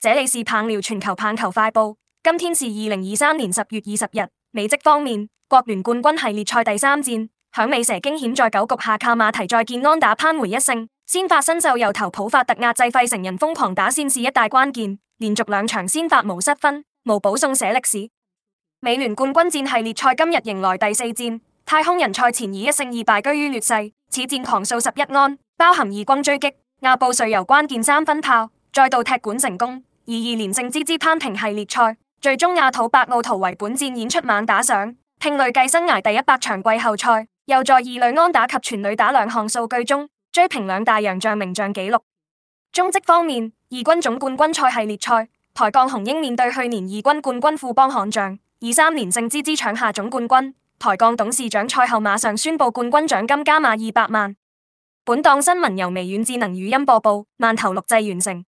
這裡是棒聊全球棒球快報，今天是二零二三年十月二十日。美職方面，國聯冠軍系列賽第三戰，響尾蛇驚險在九局下靠馬蹄再見安打扳回一勝。先發新秀右投普法特壓制費城人瘋狂打線是一大關鍵，連續兩場先發無失分，無保送寫歷史。美聯冠軍戰系列賽今日迎來第四戰，太空人賽前以一勝二敗居於劣勢，此戰狂數十一安，包含二軍追擊，亞布瑞尤關鍵三分炮。再度踢館成功，二二連勝之之攀平系列賽，最終阿土伯奧圖維本戰演出猛打賞，拼累計生涯第一百場季後賽，又在二壘安打及全壘打兩項數據中追平兩大洋將名將紀錄。中職方面，二軍總冠軍賽系列賽，台鋼雄鷹面對去年二軍冠軍富邦悍將，二三年勝之之搶下總冠軍，台鋼董事長賽後馬上宣布冠軍獎金加碼二百萬。本檔新聞由微軟智能語音播報，慢投錄製完成。